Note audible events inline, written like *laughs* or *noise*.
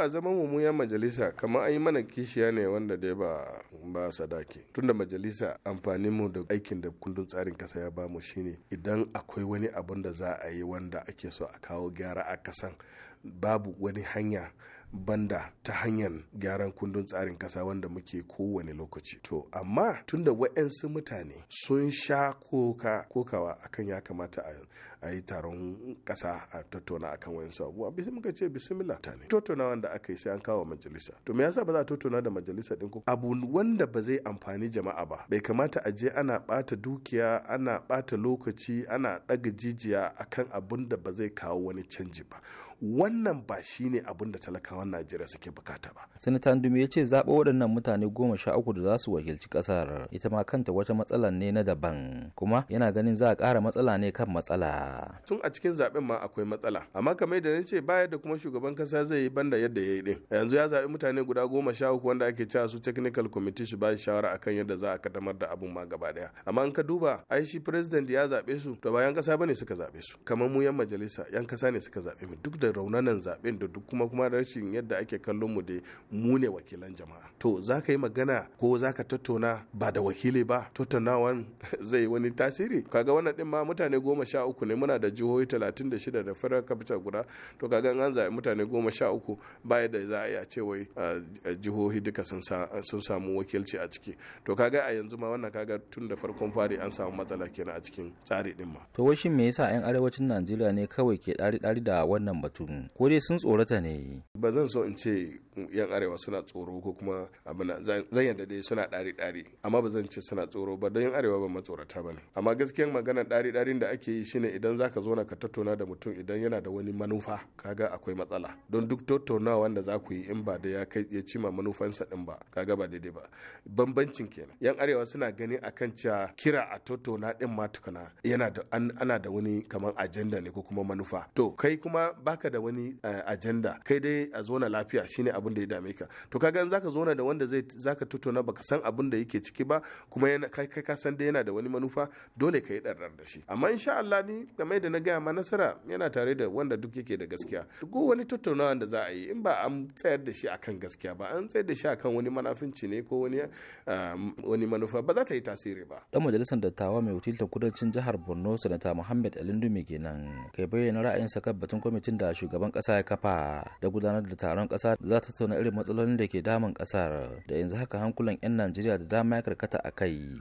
a zaman mu ya majalisa kamar an yi mana kishiya ne wanda dai ba ba sadaki tunda majalisa amfanin mu da aikin da kundin tsarin kasa ya bamu shine idan akwai wani abun da za a yi wanda ake so a kawo gyara a kasan babu wani hanya banda ta hanyar gyaran kundin tsarin kasa wanda muke kowane lokaci to amma tunda wa'yansu mutane sun sha koka kokawa akan ya kamata a yi taron kasa a tattauna akan wayansu abubuwa bisa muka ce bisimila. mutane tattauna wanda aka yi sai an kawo majalisa to me yasa ba za a tattauna da majalisa din ko abu wanda ba zai amfani jama'a ba bai kamata a je ana bata dukiya ana bata lokaci ana ɗaga jijiya akan abun da ba zai kawo wani canji ba wannan ba shine abun da talakawa talakawan najeriya suke bukata ba sanata dumi ya ce zaɓo waɗannan mutane goma sha uku da za su wakilci ƙasar ita ma kanta wata matsala ne na daban kuma yana ganin za a ƙara matsala ne kan matsala tun a cikin zaɓen ma akwai matsala amma kamar yadda na ce baya da kuma shugaban kasa zai yi banda yadda ya yi din yanzu ya zaɓi mutane guda goma sha uku wanda ake cewa su technical committee su ba shawara akan yadda za a kaddamar da abun ma gaba daya amma in ka duba ai shi president ya zaɓe su to ba yan kasa ne suka zaɓe su kamar mu yan majalisa yan kasa ne suka zaɓe mu duk da raunanan zaɓen da duk kuma kuma rashin yadda ake kallon mu da mu ne wakilan jama'a to za ka yi magana ko za ka tattauna ba da wakili ba tattaunawan *laughs* zai wani tasiri kaga wannan din ma mutane goma sha uku ne muna da jihohi talatin da shida da federal capital guda to kaga an zaɓi mutane goma sha uku ba da za a yi a ce wai ah, jihohi duka sun samu wakilci a ciki to kaga a yanzu ma wannan kaga tun da farkon fari an samu matsala kenan a cikin tsari din ma to washin me yasa 'yan arewacin najeriya ne kawai ke ɗari-ɗari da wannan batun ko dai sun tsorata ne ba zan so in ce yan arewa suna tsoro ko kuma abin zan yadda dai suna ɗari ɗari amma ba zan ce suna tsoro ba don yan arewa ba matsorata ba ne amma gaskiyan magana ɗari ɗarin da ake yi shine idan zaka zo na ka tattauna da mutum idan yana da wani manufa kaga akwai matsala don duk tattaunawa wanda za ku yi in ba da ya kai ya cima manufansa din ba kaga ba daidai ba bambancin kenan yan arewa suna gani akan cewa kira a tattauna din ma tukuna yana da ana da wani kamar ajanda ne ko kuma manufa to kai kuma baka da wani eh, ajenda kai dai a zona lafiya shine abin da ya dame ka to kaga in zaka zauna da wanda zai zaka tutuna baka san abin da yake ciki ba kuma yana kai kai ka san da yana da wani manufa dole ka yi ɗarɗar da shi amma insha Allah ni game da na gaya ma nasara yana tare da wanda duk yake da gaskiya duk wani tattaunawa da za a yi in ba an tsayar da shi akan gaskiya ba an tsayar da shi akan wani manafinci ne ko wani um, wani manufa ba za ta yi tasiri ba dan majalisar dattawa mai wakiltar kudancin jihar Borno sanata Muhammad Alindu kenan kai bayyana ra'ayinsa kan batun kwamitin da shugaban kasa ya kafa da gudanar da taron ƙasa za ta tattauna irin matsalolin da ke damun ƙasar da yanzu haka hankulan 'yan Najeriya da dama ya karkata a kai.